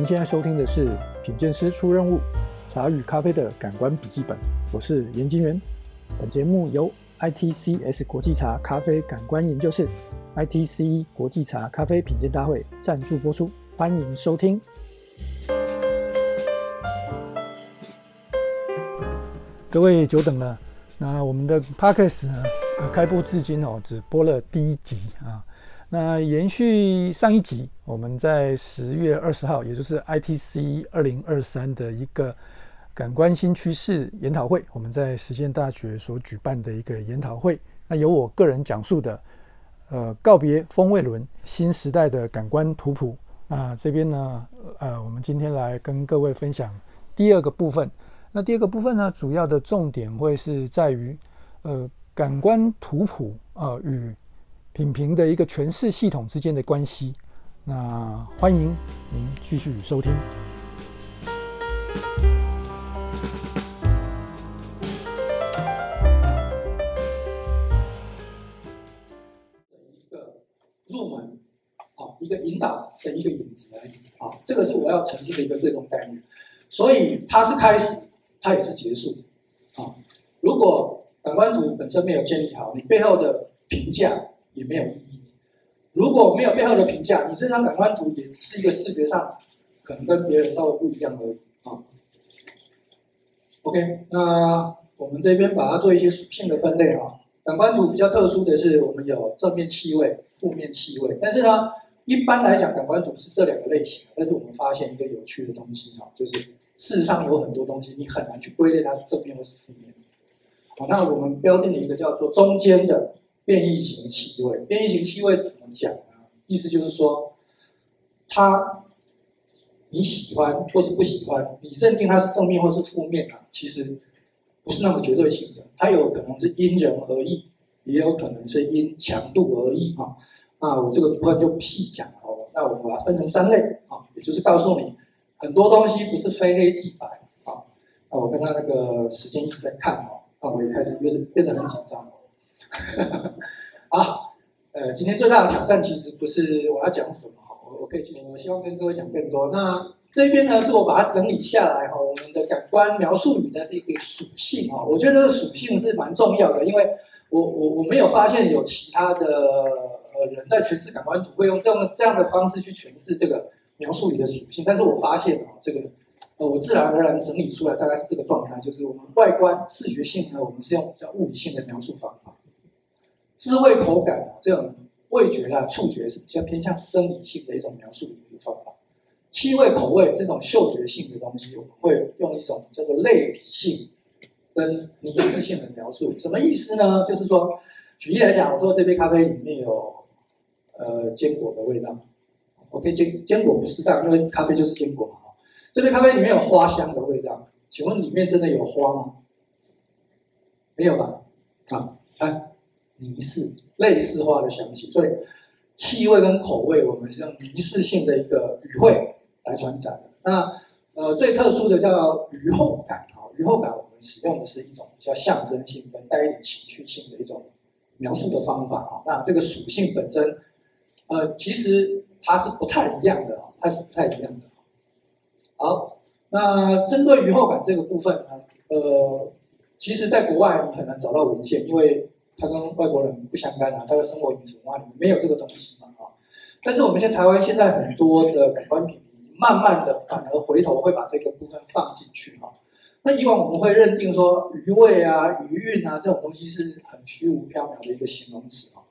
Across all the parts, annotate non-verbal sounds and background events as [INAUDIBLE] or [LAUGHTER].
您現在收聽的是《品鑑師出任務：茶與咖啡的感官筆記本》，我是顏金源。本節目由 ITCS 國際茶咖啡感官研究室、ITCE 國際茶咖啡品鑑大會贊助播出，歡迎收聽。各位久等了，那我們的 podcast 呢，開播至今哦，只播了第一集啊。那延續上一集，我們在十月二十號，也就是 I T C 二零二三的一個感官新趨勢研討會，我們在實踐大學所舉辦的一個研討會。那由我個人講述的、呃，告別風味輪，新時代的感官圖譜。那這邊呢，呃，我們今天來跟各位分享第二個部分。那第二個部分呢，主要的重點會是在於，呃，感官圖譜啊、呃、與。品評的一個詮釋系統之間的關係，那歡迎您繼續收聽。一個入門啊，一個引導的一個引子而已啊，這個是我要呈現的一個最終概念，所以它是開始，它也是結束啊。如果感官圖本身沒有建立好，你背後的評價。也沒有意義。如果沒有背後的評價，你這張感官圖也只是一個視覺上可能跟別人稍微不一樣而已啊。OK，那我們這邊把它做一些屬性的分類啊。感官圖比較特殊的是，我們有正面氣味、負面氣味，但是呢，一般來講，感官圖是這兩個類型。但是我們發現一個有趣的東西啊，就是事實上有很多東西你很難去歸類它是正面或是負面。好，那我們標定了一個叫做中間的。變異型氣味，變異型氣味是怎麼講呢？意思就是說，它你喜歡或是不喜歡，你認定它是正面或是負面啊，其實不是那麼絕對性的。它有可能是因人而異，也有可能是因強度而異啊。那我這個部分就不細講了哦。那我把它分成三類啊，也就是告訴你，很多東西不是非黑即白啊。那我跟他那個時間一直在看啊，那我也開始變得變得很緊張。 [LAUGHS] 好，呃，今天最大的挑戰其實不是我要講什麼哈，我我可以，我、呃、希望跟各位講更多。那這邊呢，是我把它整理下來哈、哦，我們的感官描述語的這個屬性哈、哦，我覺得屬性是蠻重要的，因為我我我沒有發現有其他的、呃、人在詮釋感官圖會用這樣的這樣的方式去詮釋這個描述語的屬性，但是我發現哈、哦，這個呃，我自然而然整理出來大概是這個狀態，就是我們外觀視覺性呢，我們是用比較物理性的描述方法。滋味口感、啊、這種味覺啦、啊、觸覺是比較偏向生理性的一種描述的一個方法。氣味、口味這種嗅覺性的東西，我們會用一種叫做類比性跟擬似性的描述。什麼意思呢？就是說，舉例來講，我說這杯咖啡裡面有呃堅果的味道，OK，堅堅果不是蛋，因為咖啡就是堅果嘛。這杯咖啡裡面有花香的味道，請問裡面真的有花嗎？沒有吧？啊，來。凝視類似化的香氣，所以氣味跟口味，我們是用凝視性的一個語彙來傳達的。那呃，最特殊的叫雨後感啊，雨後感我們使用的是一種叫象徵性跟帶一點情緒性的一種描述的方法啊、嗯。那這個屬性本身，呃，其實它是不太一樣的啊，它是不太一樣的。好，那針對雨後感這個部分呢，呃，其實在國外我們很難找到文獻，因為。它跟外國人不相干啊，他的生活飲食文化裡面沒有這個東西嘛啊。但是我們現在台灣現在很多的感官品，慢慢的反而回頭會把這個部分放進去啊。那以往我們會認定說餘味啊、餘韻啊這種東西是很虛無縹緲的一個形容詞啊。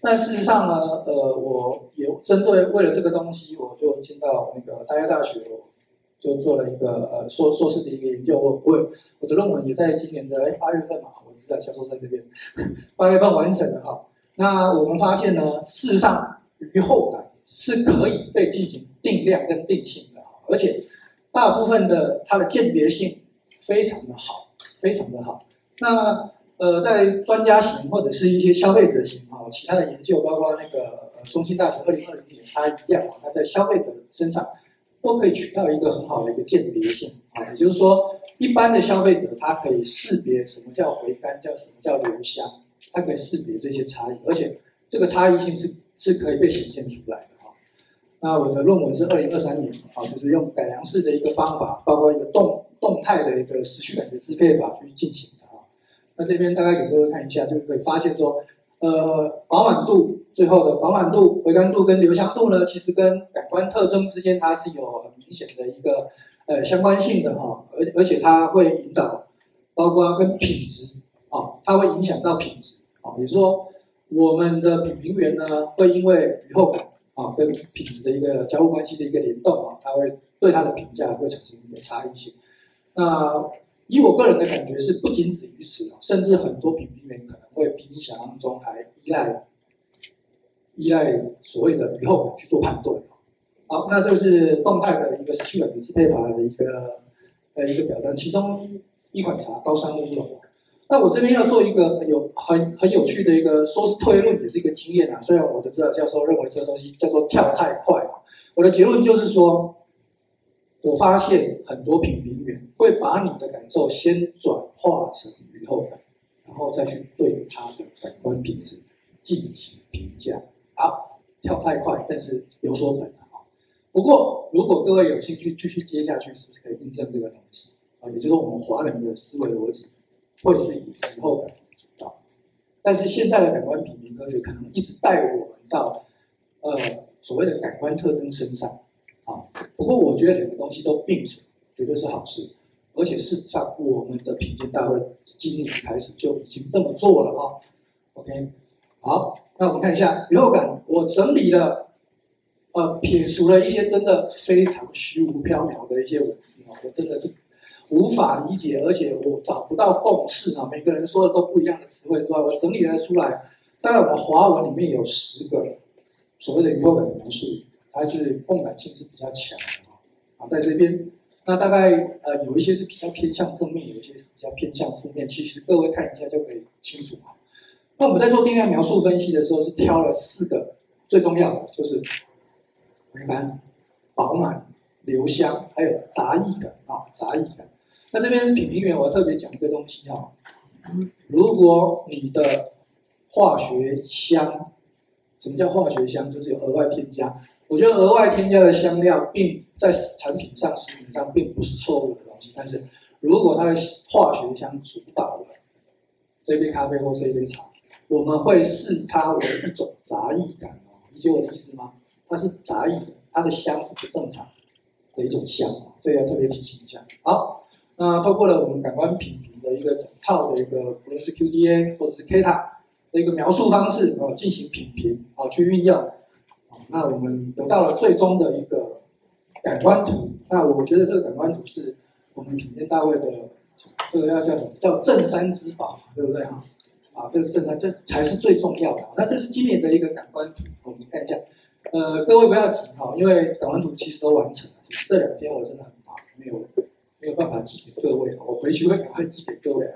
但事實上呢，呃，我也針對為了這個東西，我就進到那個大家大學。就做了一個呃碩碩士的一個研究，我我我的論文也在今年的哎八月份嘛、啊，我是在銷售在這邊八月份完成的哈。那我們發現呢，事實上餘後感是可以被進行定量跟定性的，而且大部分的它的鑑別性非常的好，非常的好。那呃在專家型或者是一些消費者型啊、哦，其他的研究，包括那個呃中興大學二零二零年，它一樣、啊、它在消費者身上。都可以取到一個很好的一個鑑別性啊，也就是說，一般的消費者他可以識別什麼叫回甘，叫什麼叫留香，他可以識別這些差異，而且這個差異性是是可以被顯現出來的啊。那我的論文是二零二三年啊，就是用改良式的一個方法，包括一個動動態的一個持續感覺支配法去，就是，進行的啊。那這邊大概給各位看一下，就可以發現說。呃，飽滿度、最後的飽滿度、回甘度跟留香度呢，其實跟感官特徵之間它是有很明顯的一個呃相關性的哈，而、哦、而且它會引導，包括跟品質啊、哦，它會影響到品質啊、哦，也就是說，我們的品評，評員呢會因為以後啊、哦、跟品質的一個交互關係的一個聯動啊、哦，它會對它的評價會產生一個差異性。那以我個人的感覺是，不僅止於此哦，甚至很多品評員可能會比你想象中還依賴依賴所謂的以後去做判斷哦。好，那這是動態的一個十七款名次配法的一個呃一個表單，其中一款茶高山烏龍。那我這邊要做一個有很很有趣的一個說是推論，也是一個經驗啊。雖然我的指導教授認為這個東西叫做跳太快，我的結論就是說。我發現很多品評員會把你的感受先轉化成讀後感，然後再去對他的感官品質進行評價。好，跳太快，但是有所本，不過，如果各位有興趣繼續接下去，是不是可以印證這個東西啊？也就是我們華人的思維邏輯會是以讀後感為主導，但是現在的感官品評科學，可能一直帶我們到呃所謂的感官特徵身上。不過我覺得兩個東西都並存，絕對是好事。而且事實上，我們的品鑑大會今年開始就已經這麼做了啊、哦。OK，好，那我們看一下餘後感。我整理了，呃，撇除了一些真的非常虛無縹緲的一些文字啊、哦，我真的是無法理解，而且我找不到共識啊。每個人說的都不一樣的詞彙，之外，我整理了出來，大概我華文裡面有十個所謂的餘後感的描述。它是共感性，是比較強的啊！啊，在這邊，那大概呃有一些是比較偏向正面，有一些是比較偏向負面。其實各位看一下就可以清楚啊。那我們在做定量描述分析的時候，是挑了四個最重要的，就是，微甘、飽滿、留香，還有雜異感啊、哦，雜異感。那這邊品評員，我要特別講一個東西哈、哦，如果你的化學香，什麼叫化學香？就是有額外添加。我覺得額外添加的香料，並在產品上、食品上並不是錯誤的東西。但是如果它的化學香主導了這杯咖啡或這一杯茶，我們會視它為一種雜異感哦，理解我的意思嗎？它是雜異的，它的香是不正常的一種香哦，這個要特別提醒一下。好，那透過了我們感官品評的一個整套的一個無論是 QDA 或者是 K 塔的一個描述方式哦，進行品評哦，去運用。那我們得到了最終的一個感官圖。那我覺得這個感官圖是我們品鑑大會的，這個要叫什麼？叫鎮山之寶，對不對哈？啊，這個鎮山這才是最重要的。那這是今年的一個感官圖，我們看一下。呃，各位不要急哈，因為感官圖其實都完成了。這兩天我真的很忙，沒有沒有辦法寄給各位。我回去會趕快寄給各位。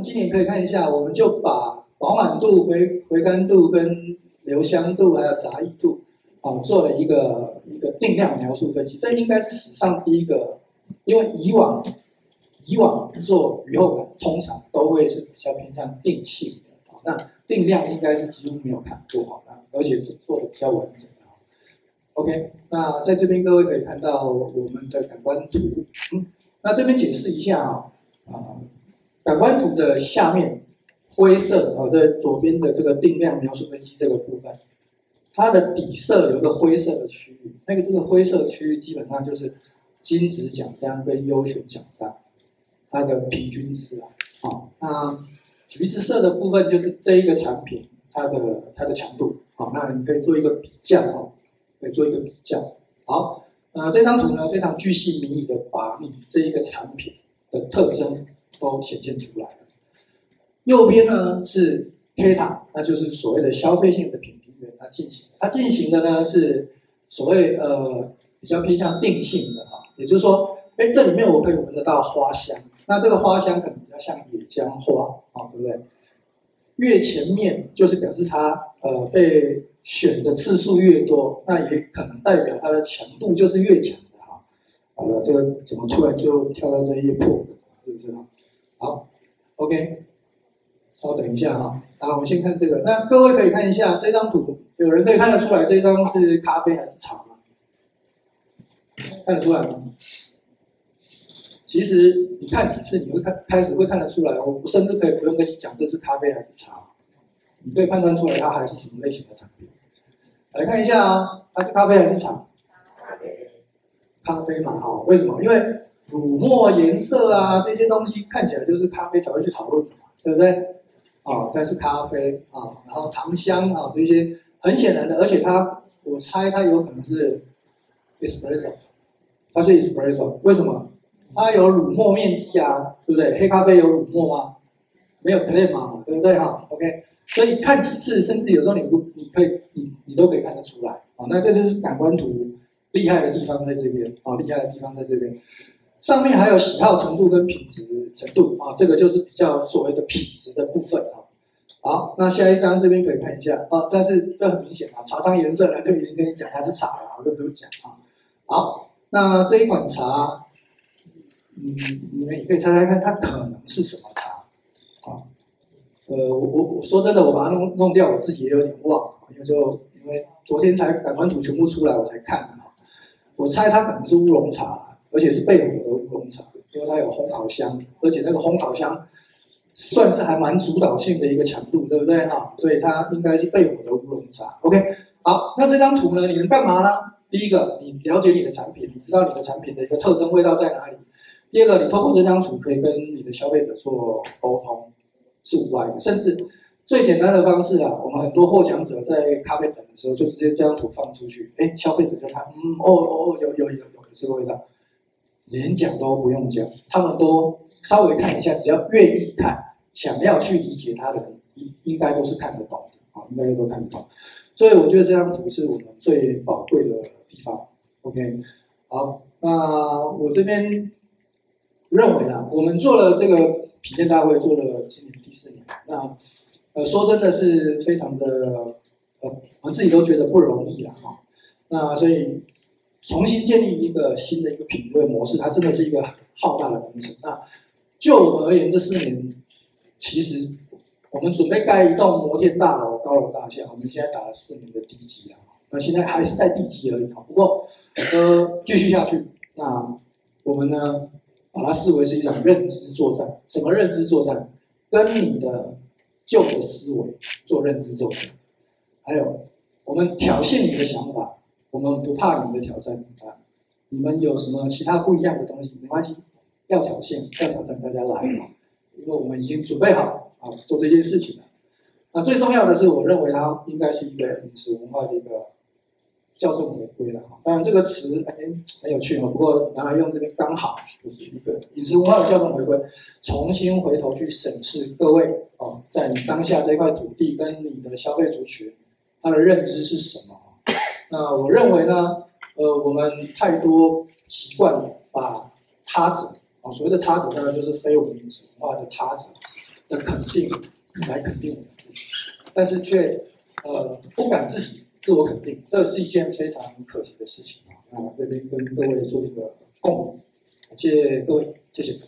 今年可以看一下，我們就把飽滿度、回回甘度、跟留香度還有雜異度、哦，做了一個一個定量描述分析。這應該是史上第一個，因為以往以往做餘後感通常都會是比較偏向定性的、哦，那定量應該是幾乎沒有看過，哦，那而且是做的比較完整，啊、哦、，OK。那在這邊各位可以看到、哦、我們的感官圖，嗯，那這邊解釋一下、哦，啊、哦，啊。感官圖的下面，灰色啊，在、哦、左邊的這個定量描述分析這個部分，它的底色有個灰色的區域，那個這個灰色區域基本上就是金質獎章跟優選獎章它的平均值啊，啊、哦，那橘子色的部分就是這一個產品它的它的強度啊、哦，那你可以做一個比較哈、哦，可以做一個比較，好，呃，這張圖呢非常鉅細靡遺的把你這一個產品的特徵，都顯現出來了。右邊呢是 CATA，那就是所謂的消費性的品評員，他進行他進行的呢是所謂呃比較偏向定性的哈，也就是說，哎、欸、這裡面我可以聞得到花香，那這個花香可能比較像野薑花啊，對不對？越前面就是表示它呃被選的次數越多，那也可能代表它的強度就是越強的哈。好了，這個怎麼突然就跳到這一破的，是不是？好，OK，稍等一下啊，然後我們先看這個。那各位可以看一下這張圖，有人可以看得出來這張是咖啡還是茶嗎？看得出來嗎？其實你看幾次，你會看，開始會看得出來，哦。我甚至可以不用跟你講這是咖啡還是茶，你可以判斷出來它還是什麼類型的產品。來看一下啊，它是咖啡還是茶？咖啡，咖啡嘛，哦，為什麼？因為。乳沫、顏色啊，這些東西看起來就是咖啡才會去討論的嘛，對不對？哦，但是咖啡啊、哦，然後糖香啊、哦，這些很顯然的，而且它，我猜它有可能是 espresso，它是 espresso，為什麼？它有乳沫面積啊，對不對？黑咖啡有乳沫啊，沒有，crema 嘛，對不對？哈、哦、，OK，所以看幾次，甚至有時候你不，你可以，你你都可以看得出來啊、哦。那這就是感官圖厲害的地方在這邊啊、哦，厲害的地方在這邊。上面還有喜好程度跟品質程度啊，這個就是比較所謂的品質的部分啊。好，那下一張這邊可以看一下啊，但是這很明顯啊，茶湯顏色呢就已經跟你講它是茶了，我就不用講啊。好，那這一款茶，嗯，你們也可以猜猜看它可能是什麼茶啊？呃，我我我說真的，我把它弄弄掉，我自己也有點忘了，因為就因為昨天才感官圖全部出來我才看的哈、啊。我猜它可能是烏龍茶。而且是焙火的烏龍茶，因為它有烘烤香，而且那個烘烤香算是還蠻主導性的一個強度，對不對哈？所以它應該是焙火的烏龍茶。OK，好，那這張圖呢？你能幹嘛呢？第一個，你了解你的產品，你知道你的產品的一個特徵味道在哪裡；第二個，你透過這張圖可以跟你的消費者做溝通，是無關的，甚至最簡單的方式啊，我們很多獲獎者在咖啡館的時候就直接這張圖放出去，哎、欸，消費者就看，嗯，哦哦哦，有有有有這個味道。連講都不用講，他們都稍微看一下，只要願意看，想要去理解他的人，應應該都是看得懂的啊，應該都看得懂。所以我覺得這張圖是我們最寶貴的地方。OK，好，那我這邊認為啊，我們做了這個品鑑大會，做了今年第四年，那呃說真的是非常的呃，我自己都覺得不容易了哈。那所以。重新建立一個新的一個品評模式，它真的是一個浩大的工程。那就我們而言，這四年其實我們準備蓋一棟摩天大樓、高樓大廈。我們現在打了四年的地基啊，那現在還是在地基而已。不過，呃，繼續下去，那我們呢，把它視為是一場認知作戰。什麼認知作戰？跟你的舊的思維做認知作戰，還有我們挑釁你的想法。我們不怕你們的挑戰啊！你們有什麼其他不一樣的東西？沒關係，要挑釁、要挑戰，挑戰大家來嘛！因為我們已經準備好啊做這件事情了。那、啊、最重要的是，我認為它應該是一個飲食文化的一個校正回歸了、啊。當然，這個詞、欸、很有趣嘛。不過拿來、啊、用這邊剛好就是一個飲食文化的校正回歸，重新回頭去審視各位哦、啊，在你當下這塊土地跟你的消費族群，他的認知是什麼？那我認為呢，呃，我們太多習慣把他者啊，所謂的他者，當然就是非我們神話的他者的肯定，來肯定我們自己，但是卻呃不敢自己自我肯定，這是一件非常可惜的事情啊。那這邊跟各位做一個共鳴，謝謝各位，謝謝。